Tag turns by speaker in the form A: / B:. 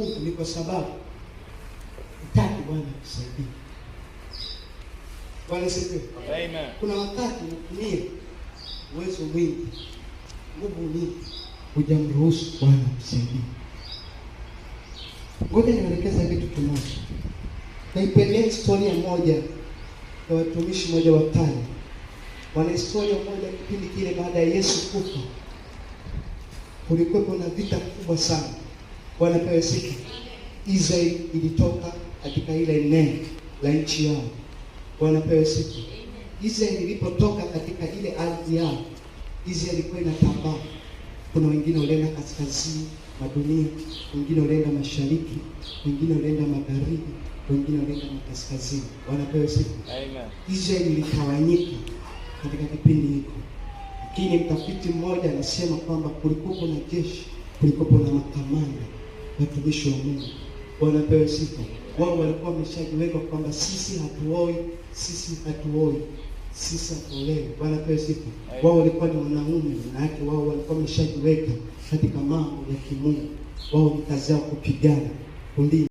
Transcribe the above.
A: Mungu ni kwa sababu nataki Bwana akusaidie. Bwana sifiwe. Amen. Kuna wakati unatumia uwezo mwingi, nguvu nyingi, hujamruhusu Bwana akusaidie. Ngoja nielekeza kitu kimoja. Naipendea historia moja ya watumishi moja wa kale. Wana historia moja, kipindi kile baada ya Yesu kufa, kulikuwa na vita kubwa sana Bwana pewe sifa. Israeli ilitoka katika ile eneo la nchi yao. Bwana pewe sifa. Israeli ilipotoka katika ile ardhi yao, Israeli ilikuwa inatambaa. Kuna wengine walienda kaskazini mwa dunia, wengine walienda mashariki, wengine walienda magharibi, wengine walienda kaskazini. Bwana pewe sifa. Amen. Israeli ilitawanyika katika kipindi hiko, lakini mtafiti mmoja anasema kwamba kulikuwa na jeshi, kulikuwa na makamanda mtumishi wa Mungu. Bwana pewe sifa. Wao walikuwa wameshajiweka kwamba sisi hatuoi, sisi hatuoi, sisi hatuolewi. Bwana pewe sifa. Wao walikuwa ni wanaume, manake wao walikuwa wameshajiweka katika mambo ya kimungu. Wao ni kazi yao kupigana kundi